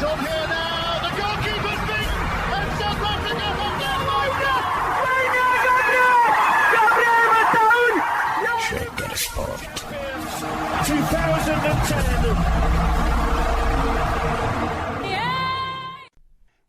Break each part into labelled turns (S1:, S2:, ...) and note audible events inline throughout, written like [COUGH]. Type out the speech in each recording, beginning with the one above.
S1: He's up here.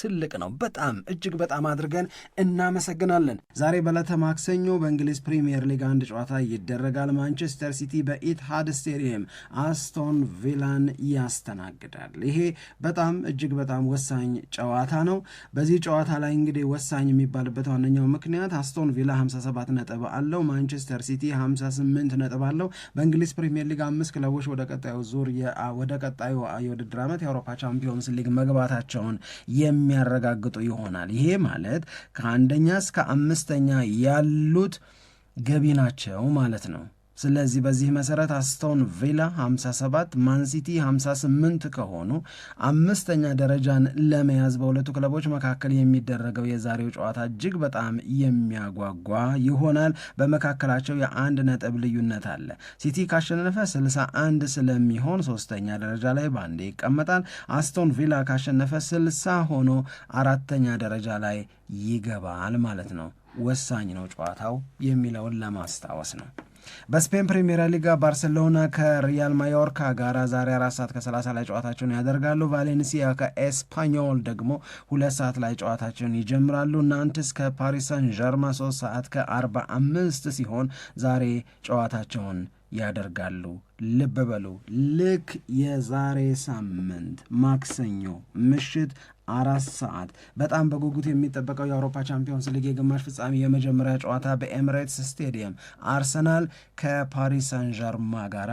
S1: ትልቅ ነው። በጣም እጅግ በጣም አድርገን እናመሰግናለን። ዛሬ በዕለተ ማክሰኞ በእንግሊዝ ፕሪምየር ሊግ አንድ ጨዋታ ይደረጋል። ማንቸስተር ሲቲ በኢትሃድ ስቴዲየም አስቶን ቪላን ያስተናግዳል። ይሄ በጣም እጅግ በጣም ወሳኝ ጨዋታ ነው። በዚህ ጨዋታ ላይ እንግዲህ ወሳኝ የሚባልበት ዋነኛው ምክንያት አስቶን ቪላ 57 ነጥብ አለው፣ ማንቸስተር ሲቲ 58 ነጥብ አለው። በእንግሊዝ ፕሪምየር ሊግ አምስት ክለቦች ወደ ቀጣዩ ዙር ወደ ቀጣዩ የውድድር ዓመት የአውሮፓ ቻምፒዮንስ ሊግ መግባታቸውን የሚ የሚያረጋግጡ ይሆናል። ይሄ ማለት ከአንደኛ እስከ አምስተኛ ያሉት ገቢ ናቸው ማለት ነው። ስለዚህ በዚህ መሰረት አስቶን ቪላ 57 ማንሲቲ 58 ከሆኑ አምስተኛ ደረጃን ለመያዝ በሁለቱ ክለቦች መካከል የሚደረገው የዛሬው ጨዋታ እጅግ በጣም የሚያጓጓ ይሆናል። በመካከላቸው የአንድ ነጥብ ልዩነት አለ። ሲቲ ካሸነፈ 61 ስለሚሆን ሶስተኛ ደረጃ ላይ ባንዴ ይቀመጣል። አስቶን ቪላ ካሸነፈ 60 ሆኖ አራተኛ ደረጃ ላይ ይገባል ማለት ነው። ወሳኝ ነው ጨዋታው የሚለውን ለማስታወስ ነው። በስፔን ፕሪሚየር ሊጋ ባርሴሎና ከሪያል ማዮርካ ጋር ዛሬ አራት ሰዓት ከሰላሳ ላይ ጨዋታቸውን ያደርጋሉ። ቫሌንሲያ ከኤስፓኞል ደግሞ ሁለት ሰዓት ላይ ጨዋታቸውን ይጀምራሉ። ናንትስ ከፓሪስ ሳን ዠርማ ሶስት ሰዓት ከአርባ አምስት ሲሆን ዛሬ ጨዋታቸውን ያደርጋሉ። ልብ በሉ ልክ የዛሬ ሳምንት ማክሰኞ ምሽት አራት ሰዓት በጣም በጉጉት የሚጠበቀው የአውሮፓ ቻምፒዮንስ ሊግ የግማሽ ፍጻሜ የመጀመሪያ ጨዋታ በኤምሬትስ ስቴዲየም አርሰናል ከፓሪስ ሳን ጋራ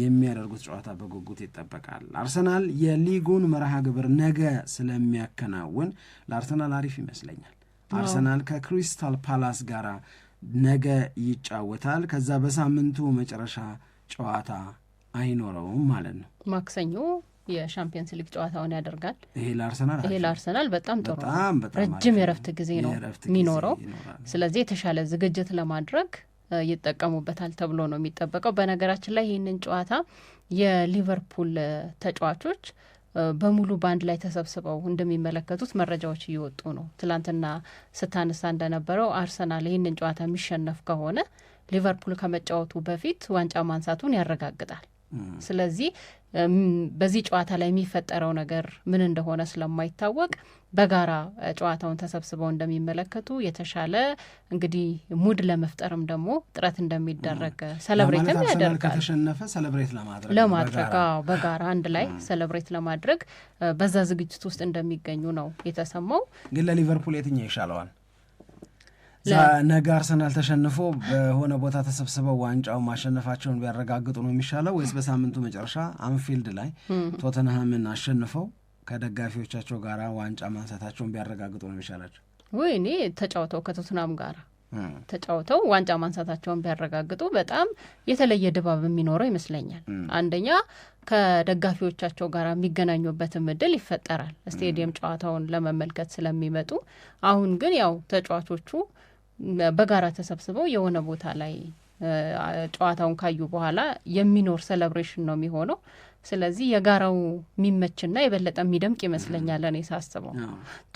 S1: የሚያደርጉት ጨዋታ በጉጉት ይጠበቃል። አርሰናል የሊጉን መርሃ ግብር ነገ ስለሚያከናውን ለአርሰናል አሪፍ ይመስለኛል። አርሰናል ከክሪስታል ፓላስ ጋራ ነገ ይጫወታል። ከዛ በሳምንቱ መጨረሻ ጨዋታ አይኖረውም ማለት ነው
S2: ማክሰኞ የሻምፒየንስ ሊግ ጨዋታውን ያደርጋል። ይሄ ለአርሰናል ይሄ ለአርሰናል በጣም ጥሩ ረጅም የረፍት ጊዜ ነው የሚኖረው። ስለዚህ የተሻለ ዝግጅት ለማድረግ ይጠቀሙበታል ተብሎ ነው የሚጠበቀው። በነገራችን ላይ ይህንን ጨዋታ የሊቨርፑል ተጫዋቾች በሙሉ በአንድ ላይ ተሰብስበው እንደሚመለከቱት መረጃዎች እየወጡ ነው። ትላንትና ስታነሳ እንደነበረው አርሰናል ይህንን ጨዋታ የሚሸነፍ ከሆነ ሊቨርፑል ከመጫወቱ በፊት ዋንጫ ማንሳቱን ያረጋግጣል። ስለዚህ በዚህ ጨዋታ ላይ የሚፈጠረው ነገር ምን እንደሆነ ስለማይታወቅ በጋራ ጨዋታውን ተሰብስበው እንደሚመለከቱ የተሻለ እንግዲህ ሙድ ለመፍጠርም ደግሞ ጥረት እንደሚደረግ ሰለብሬትም
S1: ያደርጋል። ከተሸነፈ ሰለብሬት ለማድረግ
S2: ለማድረግ በጋራ አንድ ላይ ሰለብሬት ለማድረግ በዛ ዝግጅት ውስጥ እንደሚገኙ ነው የተሰማው።
S1: ግን ለሊቨርፑል የትኛው ይሻለዋል? ነገ አርሰናል ተሸንፎ በሆነ ቦታ ተሰብስበው ዋንጫው ማሸነፋቸውን ቢያረጋግጡ ነው የሚሻለው ወይስ በሳምንቱ መጨረሻ አንፊልድ ላይ ቶተንሃምን አሸንፈው ከደጋፊዎቻቸው ጋር ዋንጫ ማንሳታቸውን ቢያረጋግጡ ነው የሚሻላቸው?
S2: ወይ እኔ ተጫውተው ከቶትናም ጋር ተጫውተው ዋንጫ ማንሳታቸውን ቢያረጋግጡ በጣም የተለየ ድባብ የሚኖረው ይመስለኛል። አንደኛ ከደጋፊዎቻቸው ጋር የሚገናኙበትም እድል ይፈጠራል፣ ስቴዲየም ጨዋታውን ለመመልከት ስለሚመጡ። አሁን ግን ያው ተጫዋቾቹ በጋራ ተሰብስበው የሆነ ቦታ ላይ ጨዋታውን ካዩ በኋላ የሚኖር ሴሌብሬሽን ነው የሚሆነው። ስለዚህ የጋራው የሚመችና የበለጠ የሚደምቅ ይመስለኛል እኔ ሳስበው።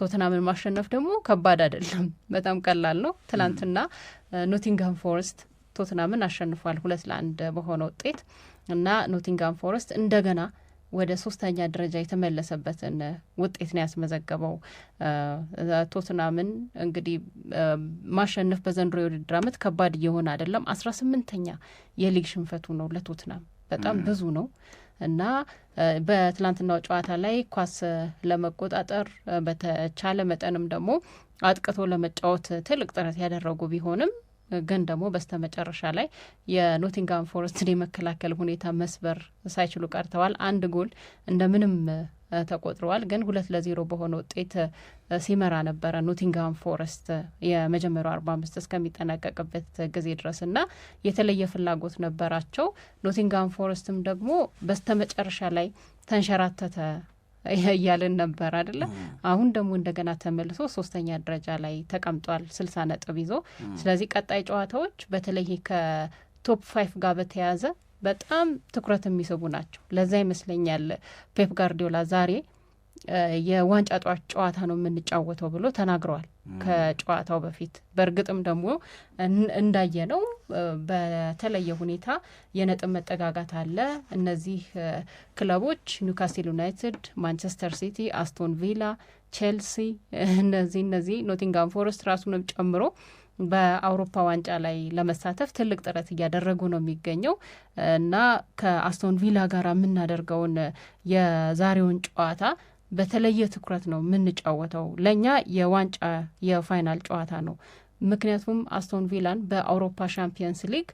S2: ቶትናምን ማሸነፍ ደግሞ ከባድ አይደለም፣ በጣም ቀላል ነው። ትላንትና ኖቲንግሃም ፎረስት ቶትናምን አሸንፏል ሁለት ለአንድ በሆነ ውጤት እና ኖቲንግሃም ፎረስት እንደገና ወደ ሶስተኛ ደረጃ የተመለሰበትን ውጤት ነው ያስመዘገበው። ቶትናምን እንግዲህ ማሸነፍ በዘንድሮ የውድድር ዓመት ከባድ እየሆነ አይደለም። አስራ ስምንተኛ የሊግ ሽንፈቱ ነው ለቶትናም በጣም ብዙ ነው እና በትላንትናው ጨዋታ ላይ ኳስ ለመቆጣጠር በተቻለ መጠንም ደግሞ አጥቅቶ ለመጫወት ትልቅ ጥረት ያደረጉ ቢሆንም ግን ደግሞ በስተመጨረሻ ላይ የኖቲንጋም ፎረስትን [LAUGHS] የመከላከል ሁኔታ መስበር ሳይችሉ ቀርተዋል። አንድ ጎል እንደምንም ተቆጥረዋል። ግን ሁለት ለዜሮ በሆነ ውጤት ሲመራ ነበረ ኖቲንግሃም ፎረስት የመጀመሪያው አርባ አምስት እስከሚጠናቀቅበት ጊዜ ድረስ እና የተለየ ፍላጎት ነበራቸው። ኖቲንግሃም ፎረስትም ደግሞ በስተመጨረሻ ላይ ተንሸራተተ እያልን ነበር አደለ። አሁን ደግሞ እንደገና ተመልሶ ሶስተኛ ደረጃ ላይ ተቀምጧል ስልሳ ነጥብ ይዞ። ስለዚህ ቀጣይ ጨዋታዎች በተለይ ከቶፕ ፋይፍ ጋር በተያያዘ በጣም ትኩረት የሚስቡ ናቸው። ለዛ ይመስለኛል ፔፕ ጋርዲዮላ ዛሬ የዋንጫ ጨዋታ ነው የምንጫወተው ብሎ ተናግረዋል። ከጨዋታው በፊት በእርግጥም ደግሞ እንዳየነው በተለየ ሁኔታ የነጥብ መጠጋጋት አለ። እነዚህ ክለቦች ኒውካስል ዩናይትድ፣ ማንቸስተር ሲቲ፣ አስቶን ቪላ፣ ቼልሲ እነዚህ እነዚህ ኖቲንጋም ፎረስት ራሱንም ጨምሮ በአውሮፓ ዋንጫ ላይ ለመሳተፍ ትልቅ ጥረት እያደረጉ ነው የሚገኘው እና ከአስቶን ቪላ ጋር የምናደርገውን የዛሬውን ጨዋታ በተለየ ትኩረት ነው የምንጫወተው። ለእኛ የዋንጫ የፋይናል ጨዋታ ነው። ምክንያቱም አስቶን ቪላን በአውሮፓ ሻምፒየንስ ሊግ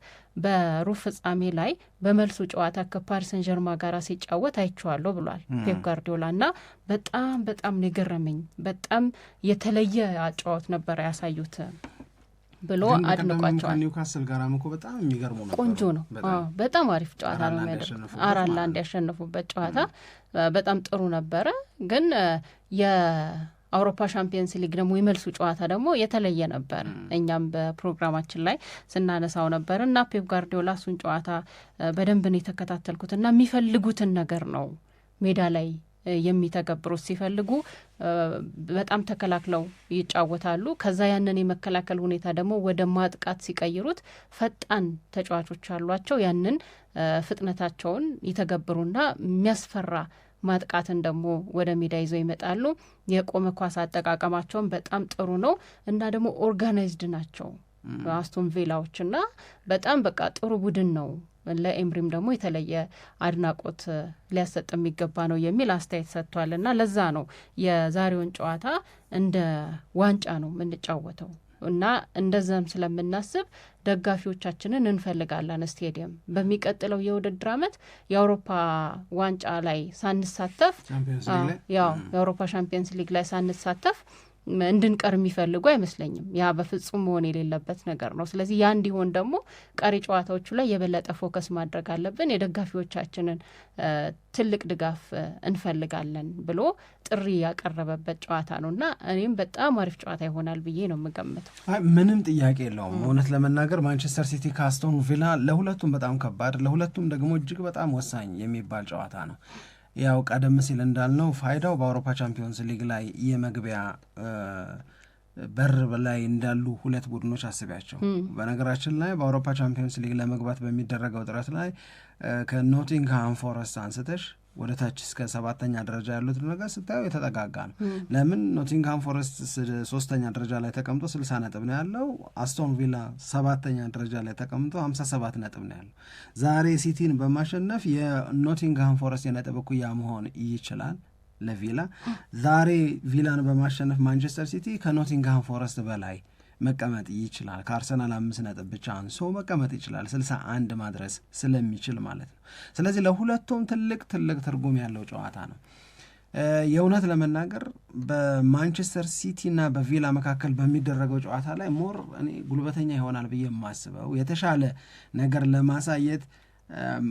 S2: በሩብ ፍጻሜ ላይ በመልሱ ጨዋታ ከፓሪሰን ጀርማ ጋር ሲጫወት አይቼዋለሁ ብሏል ፔፕ ጋርዲዮላ እና በጣም በጣም ነው የገረመኝ። በጣም የተለየ አጨዋወት ነበር ያሳዩት። ብሎ አድንቋቸዋል።
S1: ኒውካስል ጋር ምኮ በጣም የሚገርሙ
S2: ነው። ቆንጆ ነው። በጣም አሪፍ ጨዋታ ነው የሚያደርጉት። አራት ለአንድ ያሸነፉበት ጨዋታ በጣም ጥሩ ነበረ። ግን የአውሮፓ ሻምፒየንስ ሊግ ደግሞ የመልሱ ጨዋታ ደግሞ የተለየ ነበር። እኛም በፕሮግራማችን ላይ ስናነሳው ነበር እና ፔፕ ጋርዲዮላ እሱን ጨዋታ በደንብ ነው የተከታተልኩት እና የሚፈልጉትን ነገር ነው ሜዳ ላይ የሚተገብሩት ሲፈልጉ በጣም ተከላክለው ይጫወታሉ። ከዛ ያንን የመከላከል ሁኔታ ደግሞ ወደ ማጥቃት ሲቀይሩት ፈጣን ተጫዋቾች አሏቸው። ያንን ፍጥነታቸውን ይተገብሩና የሚያስፈራ ማጥቃትን ደግሞ ወደ ሜዳ ይዘው ይመጣሉ። የቆመ ኳስ አጠቃቀማቸውን በጣም ጥሩ ነው እና ደግሞ ኦርጋናይዝድ ናቸው አስቶን ቪላዎች እና በጣም በቃ ጥሩ ቡድን ነው ለኤምሪም ደግሞ የተለየ አድናቆት ሊያሰጥ የሚገባ ነው የሚል አስተያየት ሰጥቷል። እና ለዛ ነው የዛሬውን ጨዋታ እንደ ዋንጫ ነው የምንጫወተው እና እንደዛም ስለምናስብ ደጋፊዎቻችንን እንፈልጋለን ስቴዲየም። በሚቀጥለው የውድድር ዓመት የአውሮፓ ዋንጫ ላይ ሳንሳተፍ ያው የአውሮፓ ሻምፒየንስ ሊግ ላይ ሳንሳተፍ እንድንቀር የሚፈልጉ አይመስለኝም። ያ በፍጹም መሆን የሌለበት ነገር ነው። ስለዚህ ያ እንዲሆን ደግሞ ቀሪ ጨዋታዎቹ ላይ የበለጠ ፎከስ ማድረግ አለብን። የደጋፊዎቻችንን ትልቅ ድጋፍ እንፈልጋለን ብሎ ጥሪ ያቀረበበት ጨዋታ ነው እና እኔም በጣም አሪፍ ጨዋታ ይሆናል ብዬ ነው የምገምተው።
S1: ምንም ጥያቄ የለውም። እውነት ለመናገር ማንቸስተር ሲቲ ከአስቶን ቪላ ለሁለቱም በጣም ከባድ፣ ለሁለቱም ደግሞ እጅግ በጣም ወሳኝ የሚባል ጨዋታ ነው። ያው ቀደም ሲል እንዳልነው ፋይዳው በአውሮፓ ቻምፒዮንስ ሊግ ላይ የመግቢያ በር ላይ እንዳሉ ሁለት ቡድኖች አስቢያቸው። በነገራችን ላይ በአውሮፓ ቻምፒዮንስ ሊግ ለመግባት በሚደረገው ጥረት ላይ ከኖቲንግሃም ፎረስት አንስተሽ ወደ ታች እስከ ሰባተኛ ደረጃ ያሉት ነገር ስታየው የተጠጋጋ ነው። ለምን ኖቲንግሃም ፎረስት ሶስተኛ ደረጃ ላይ ተቀምጦ ስልሳ ነጥብ ነው ያለው። አስቶን ቪላ ሰባተኛ ደረጃ ላይ ተቀምጦ ሀምሳ ሰባት ነጥብ ነው ያለው። ዛሬ ሲቲን በማሸነፍ የኖቲንግሃም ፎረስት የነጥብ እኩያ መሆን ይችላል ለቪላ። ዛሬ ቪላን በማሸነፍ ማንቸስተር ሲቲ ከኖቲንግሃም ፎረስት በላይ መቀመጥ ይችላል። ከአርሰናል አምስት ነጥብ ብቻ አንሶ መቀመጥ ይችላል፣ ስልሳ አንድ ማድረስ ስለሚችል ማለት ነው። ስለዚህ ለሁለቱም ትልቅ ትልቅ ትርጉም ያለው ጨዋታ ነው። የእውነት ለመናገር በማንቸስተር ሲቲ እና በቪላ መካከል በሚደረገው ጨዋታ ላይ ሞር እኔ ጉልበተኛ ይሆናል ብዬ የማስበው የተሻለ ነገር ለማሳየት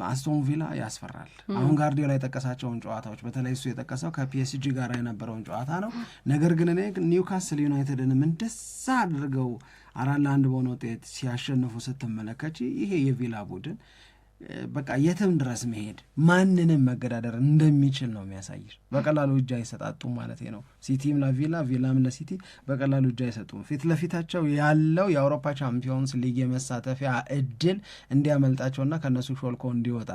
S1: አስቶን ቪላ ያስፈራል። አሁን ጋርዲዮላ የጠቀሳቸውን ጨዋታዎች በተለይ እሱ የጠቀሰው ከፒኤስጂ ጋር የነበረውን ጨዋታ ነው። ነገር ግን እኔ ኒውካስል ዩናይትድንም እንደዛ አድርገው አራት ለአንድ በሆነ ውጤት ሲያሸንፉ ስትመለከች ይሄ የቪላ ቡድን በቃ የትም ድረስ መሄድ ማንንም መገዳደር እንደሚችል ነው የሚያሳይሽ። በቀላሉ እጅ አይሰጣጡም ማለት ነው። ሲቲም ለቪላ ቪላም ለሲቲ በቀላሉ እጅ አይሰጡም። ፊት ለፊታቸው ያለው የአውሮፓ ቻምፒዮንስ ሊግ የመሳተፊያ እድል እንዲያመልጣቸውና ከእነሱ ሾልኮ እንዲወጣ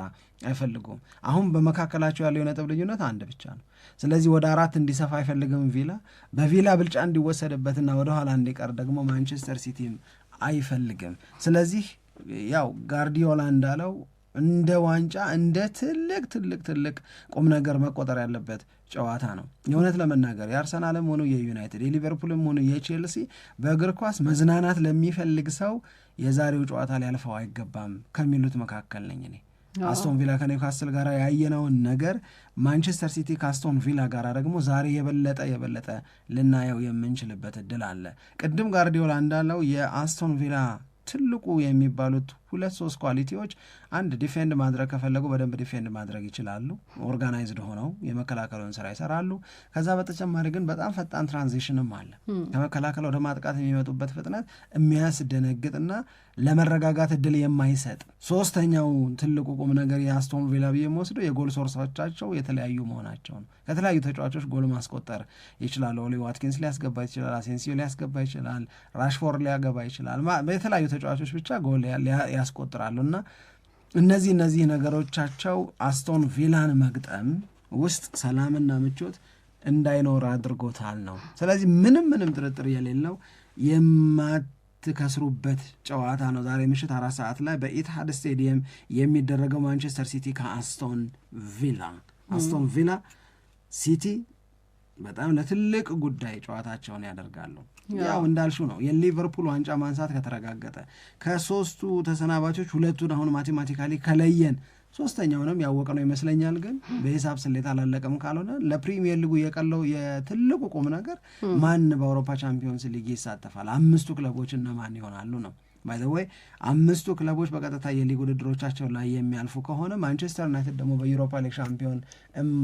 S1: አይፈልጉም። አሁን በመካከላቸው ያለው የነጥብ ልዩነት አንድ ብቻ ነው። ስለዚህ ወደ አራት እንዲሰፋ አይፈልግም ቪላ። በቪላ ብልጫ እንዲወሰድበትና ወደኋላ እንዲቀር ደግሞ ማንቸስተር ሲቲም አይፈልግም። ስለዚህ ያው ጋርዲዮላ እንዳለው እንደ ዋንጫ እንደ ትልቅ ትልቅ ትልቅ ቁም ነገር መቆጠር ያለበት ጨዋታ ነው። የእውነት ለመናገር የአርሰናልም ሆኑ የዩናይትድ የሊቨርፑልም ሆኑ የቼልሲ በእግር ኳስ መዝናናት ለሚፈልግ ሰው የዛሬው ጨዋታ ሊያልፈው አይገባም ከሚሉት መካከል ነኝ እኔ። አስቶን ቪላ ከኒውካስል ጋር ያየነውን ነገር ማንቸስተር ሲቲ ከአስቶን ቪላ ጋር ደግሞ ዛሬ የበለጠ የበለጠ ልናየው የምንችልበት እድል አለ። ቅድም ጋርዲዮላ እንዳለው የአስቶን ቪላ ትልቁ የሚባሉት ሁለት ሶስት ኳሊቲዎች አንድ ዲፌንድ ማድረግ ከፈለጉ በደንብ ዲፌንድ ማድረግ ይችላሉ። ኦርጋናይዝድ ሆነው የመከላከሉን ስራ ይሰራሉ። ከዛ በተጨማሪ ግን በጣም ፈጣን ትራንዚሽንም አለ። ከመከላከል ወደ ማጥቃት የሚመጡበት ፍጥነት የሚያስደነግጥና ለመረጋጋት እድል የማይሰጥ ሶስተኛው ትልቁ ቁም ነገር የአስቶን ቪላ ብዬ የምወስደው የጎል ሶርሶቻቸው የተለያዩ መሆናቸው ነው። ከተለያዩ ተጫዋቾች ጎል ማስቆጠር ይችላል። ኦሊ ዋትኪንስ ሊያስገባ ይችላል። አሴንሲዮ ሊያስገባ ይችላል። ራሽፎርድ ሊያገባ ይችላል። የተለያዩ ተጫዋቾች ብቻ ጎል ያስቆጥራሉ እና እነዚህ እነዚህ ነገሮቻቸው አስቶን ቪላን መግጠም ውስጥ ሰላምና ምቾት እንዳይኖር አድርጎታል ነው። ስለዚህ ምንም ምንም ጥርጥር የሌለው የማትከስሩበት ጨዋታ ነው። ዛሬ ምሽት አራት ሰዓት ላይ በኢትሃድ ስቴዲየም የሚደረገው ማንቸስተር ሲቲ ከአስቶን ቪላ አስቶን ቪላ ሲቲ በጣም ለትልቅ ጉዳይ ጨዋታቸውን ያደርጋሉ። ያው እንዳልሹ ነው የሊቨርፑል ዋንጫ ማንሳት ከተረጋገጠ ከሶስቱ ተሰናባቾች ሁለቱን አሁን ማቴማቲካሊ ከለየን ሶስተኛውንም ያወቀ ነው ይመስለኛል። ግን በሂሳብ ስሌት አላለቀም። ካልሆነ ለፕሪሚየር ሊጉ የቀለው የትልቁ ቁም ነገር ማን በአውሮፓ ቻምፒዮንስ ሊግ ይሳተፋል፣ አምስቱ ክለቦች እነማን ይሆናሉ ነው። ባይዘወይ አምስቱ ክለቦች በቀጥታ የሊግ ውድድሮቻቸው ላይ የሚያልፉ ከሆነ ማንቸስተር ዩናይትድ ደግሞ በዩሮፓ ሊግ ሻምፒዮን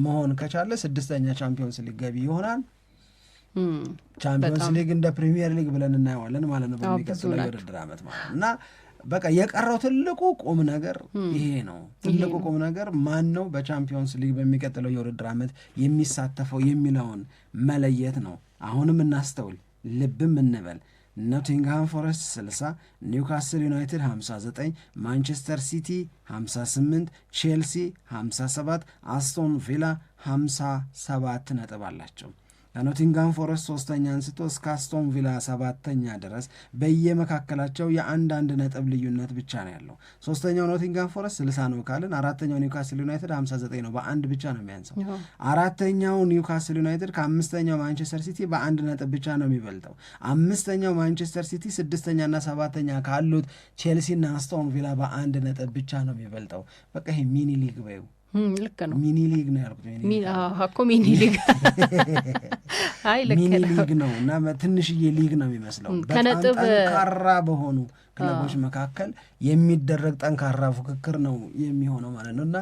S1: መሆን ከቻለ ስድስተኛ ቻምፒዮንስ ሊግ ገቢ ይሆናል። ቻምፒዮንስ ሊግ እንደ ፕሪሚየር ሊግ ብለን እናየዋለን ማለት ነው በሚቀጥለው የውድድር ዓመት ማለት እና በቃ የቀረው ትልቁ ቁም ነገር ይሄ ነው። ትልቁ ቁም ነገር ማን ነው በቻምፒዮንስ ሊግ በሚቀጥለው የውድድር ዓመት የሚሳተፈው የሚለውን መለየት ነው። አሁንም እናስተውል፣ ልብም እንበል። ኖቲንግሃም ፎረስት 60 ኒውካስል ዩናይትድ 59 ማንቸስተር ሲቲ 58 ቼልሲ 57 አስቶን ቪላ 57 ነጥብ አላቸው። ከኖቲንጋም ፎረስት ሶስተኛ አንስቶ እስከ አስቶን ቪላ ሰባተኛ ድረስ በየመካከላቸው የአንዳንድ ነጥብ ልዩነት ብቻ ነው ያለው። ሶስተኛው ኖቲንጋም ፎረስት ስልሳ ነው ካልን አራተኛው ኒውካስል ዩናይትድ ሀምሳ ዘጠኝ ነው። በአንድ ብቻ ነው የሚያንሰው። አራተኛው ኒውካስል ዩናይትድ ከአምስተኛው ማንቸስተር ሲቲ በአንድ ነጥብ ብቻ ነው የሚበልጠው። አምስተኛው ማንቸስተር ሲቲ ስድስተኛና ሰባተኛ ካሉት ቼልሲና አስቶን ቪላ በአንድ ነጥብ ብቻ ነው የሚበልጠው። በቃ ይሄ ሚኒ ሊግ በይው ልክ ነው። ሚኒሊግ ነው
S2: ያልኩት እኮ ሚኒሊግ
S1: አይ ልክ ነው እና ትንሽዬ ሊግ ነው የሚመስለው። ከነጥብ ጠንካራ በሆኑ ክለቦች መካከል የሚደረግ ጠንካራ ፉክክር ነው የሚሆነው ማለት ነው እና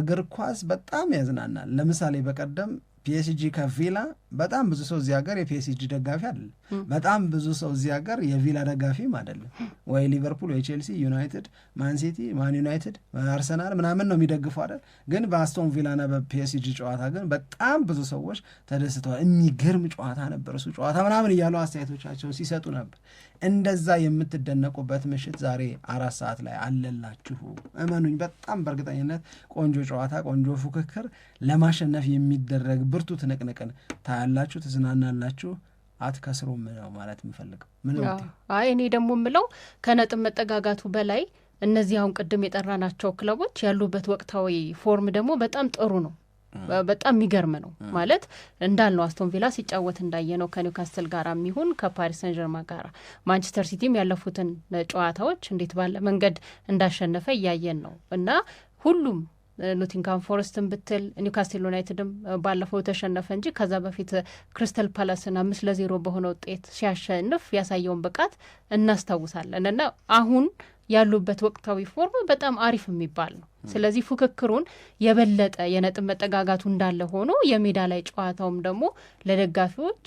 S1: እግር ኳስ በጣም ያዝናናል። ለምሳሌ በቀደም ፒኤስጂ ከቪላ በጣም ብዙ ሰው እዚህ ሀገር የፒኤስጂ ደጋፊ አይደለም። በጣም ብዙ ሰው እዚህ ሀገር የቪላ ደጋፊም አይደለም። ወይ ሊቨርፑል፣ ወይ ቼልሲ፣ ዩናይትድ፣ ማንሲቲ፣ ማን ዩናይትድ፣ አርሰናል ምናምን ነው የሚደግፉ አይደል? ግን በአስቶን ቪላና በፒኤስጂ ጨዋታ ግን በጣም ብዙ ሰዎች ተደስተዋል። የሚገርም ጨዋታ ነበር እሱ ጨዋታ ምናምን እያሉ አስተያየቶቻቸውን ሲሰጡ ነበር። እንደዛ የምትደነቁበት ምሽት ዛሬ አራት ሰዓት ላይ አለላችሁ። እመኑኝ፣ በጣም በእርግጠኝነት ቆንጆ ጨዋታ፣ ቆንጆ ፉክክር ለማሸነፍ የሚደረግ ብርቱ ትንቅንቅን ታያላችሁ፣ ትዝናናላችሁ። አትከስሩም ምነው ማለት የምፈልገው።
S2: ምን አይ እኔ ደግሞ የምለው ከነጥብ መጠጋጋቱ በላይ እነዚህ አሁን ቅድም የጠራናቸው ክለቦች ያሉበት ወቅታዊ ፎርም ደግሞ በጣም ጥሩ ነው። በጣም የሚገርም ነው ማለት እንዳልነው አስቶን ቪላ ሲጫወት እንዳየ ነው ከኒውካስትል ጋር የሚሆን ከፓሪስ ሰን ጀርማ ጋር ማንቸስተር ሲቲም ያለፉትን ጨዋታዎች እንዴት ባለ መንገድ እንዳሸነፈ እያየን ነው እና ሁሉም ኖቲንግሃም ፎረስትን ብትል ኒውካስቴል ዩናይትድም ባለፈው ተሸነፈ እንጂ ከዛ በፊት ክሪስተል ፓላስን አምስት ለዜሮ በሆነ ውጤት ሲያሸንፍ ያሳየውን ብቃት እናስታውሳለን እና አሁን ያሉበት ወቅታዊ ፎርም በጣም አሪፍ የሚባል ነው። ስለዚህ ፉክክሩን የበለጠ የነጥብ መጠጋጋቱ እንዳለ ሆኖ የሜዳ ላይ ጨዋታውም ደግሞ ለደጋፊዎች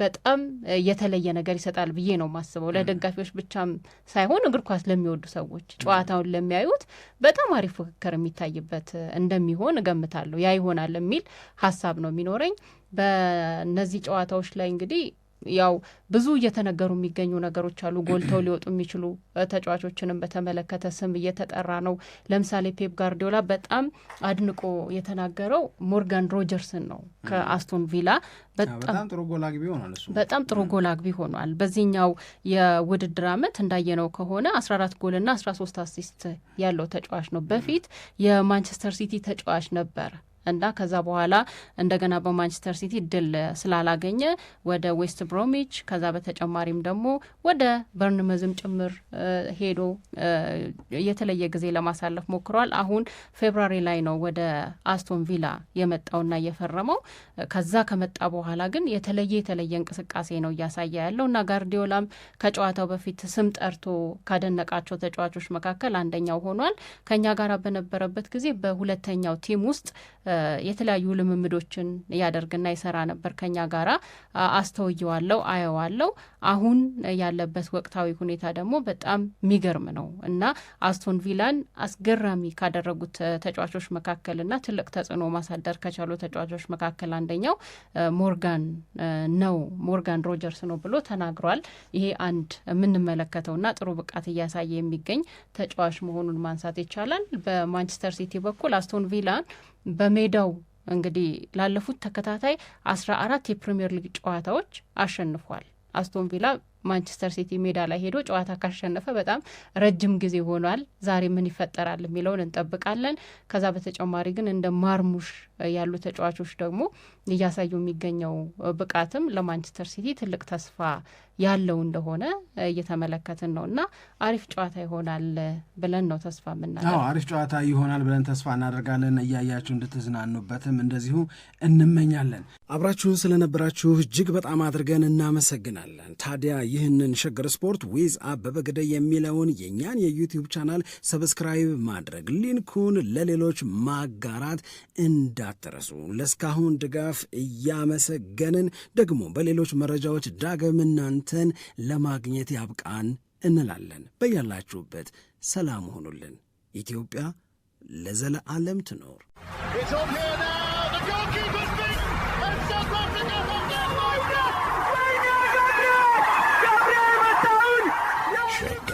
S2: በጣም የተለየ ነገር ይሰጣል ብዬ ነው የማስበው። ለደጋፊዎች ብቻም ሳይሆን እግር ኳስ ለሚወዱ ሰዎች፣ ጨዋታውን ለሚያዩት በጣም አሪፍ ፉክክር የሚታይበት እንደሚሆን እገምታለሁ። ያ ይሆናል የሚል ሀሳብ ነው የሚኖረኝ በእነዚህ ጨዋታዎች ላይ እንግዲህ ያው ብዙ እየተነገሩ የሚገኙ ነገሮች አሉ። ጎልተው ሊወጡ የሚችሉ ተጫዋቾችንም በተመለከተ ስም እየተጠራ ነው። ለምሳሌ ፔፕ ጋርዲዮላ በጣም አድንቆ የተናገረው ሞርጋን ሮጀርስን ነው። ከአስቶን ቪላ በጣም ጥሩ ጎል አግቢ ሆኗል። በዚህኛው የውድድር አመት እንዳየነው ከሆነ አስራ አራት ጎልና አስራ ሶስት አሲስት ያለው ተጫዋች ነው። በፊት የማንቸስተር ሲቲ ተጫዋች ነበረ። እና ከዛ በኋላ እንደገና በማንቸስተር ሲቲ ድል ስላላገኘ ወደ ዌስት ብሮሚች ከዛ በተጨማሪም ደግሞ ወደ በርንመዝም ጭምር ሄዶ የተለየ ጊዜ ለማሳለፍ ሞክሯል። አሁን ፌብራሪ ላይ ነው ወደ አስቶን ቪላ የመጣውና የፈረመው። ከዛ ከመጣ በኋላ ግን የተለየ የተለየ እንቅስቃሴ ነው እያሳየ ያለው እና ጋርዲዮላም ከጨዋታው በፊት ስም ጠርቶ ካደነቃቸው ተጫዋቾች መካከል አንደኛው ሆኗል። ከኛ ጋር በነበረበት ጊዜ በሁለተኛው ቲም ውስጥ የተለያዩ ልምምዶችን ያደርግና ይሰራ ነበር ከኛ ጋራ አስተውየዋለው፣ አየዋለው። አሁን ያለበት ወቅታዊ ሁኔታ ደግሞ በጣም የሚገርም ነው እና አስቶን ቪላን አስገራሚ ካደረጉት ተጫዋቾች መካከልና ትልቅ ተጽዕኖ ማሳደር ከቻሉ ተጫዋቾች መካከል አንደኛው ሞርጋን ነው ሞርጋን ሮጀርስ ነው ብሎ ተናግሯል። ይሄ አንድ የምንመለከተውና ጥሩ ብቃት እያሳየ የሚገኝ ተጫዋች መሆኑን ማንሳት ይቻላል። በማንቸስተር ሲቲ በኩል አስቶን ቪላን በሜዳው እንግዲህ ላለፉት ተከታታይ አስራ አራት የፕሪምየር ሊግ ጨዋታዎች አሸንፏል። አስቶን ቪላ ማንቸስተር ሲቲ ሜዳ ላይ ሄዶ ጨዋታ ካሸነፈ በጣም ረጅም ጊዜ ሆኗል። ዛሬ ምን ይፈጠራል የሚለውን እንጠብቃለን። ከዛ በተጨማሪ ግን እንደ ማርሙሽ ያሉ ተጫዋቾች ደግሞ እያሳዩ የሚገኘው ብቃትም ለማንቸስተር ሲቲ ትልቅ ተስፋ ያለው እንደሆነ እየተመለከትን ነው እና አሪፍ ጨዋታ ይሆናል ብለን ነው ተስፋ የምናደርገው።
S1: አሪፍ ጨዋታ ይሆናል ብለን ተስፋ እናደርጋለን። እያያችሁ እንድትዝናኑበትም እንደዚሁ እንመኛለን። አብራችሁን ስለነበራችሁ እጅግ በጣም አድርገን እናመሰግናለን። ታዲያ ይህንን ሸገር ስፖርት ዊዝ አበበ ገደይ የሚለውን የእኛን የዩቲዩብ ቻናል ሰብስክራይብ ማድረግ ሊንኩን ለሌሎች ማጋራት እንዳትረሱ። ለእስካሁን ድጋፍ እያመሰገንን ደግሞ በሌሎች መረጃዎች ዳግም እናንተን ለማግኘት ያብቃን እንላለን። በያላችሁበት ሰላም ሆኑልን። ኢትዮጵያ ለዘለዓለም ትኖር።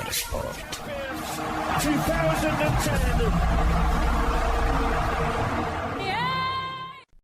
S1: Motorsport. 2010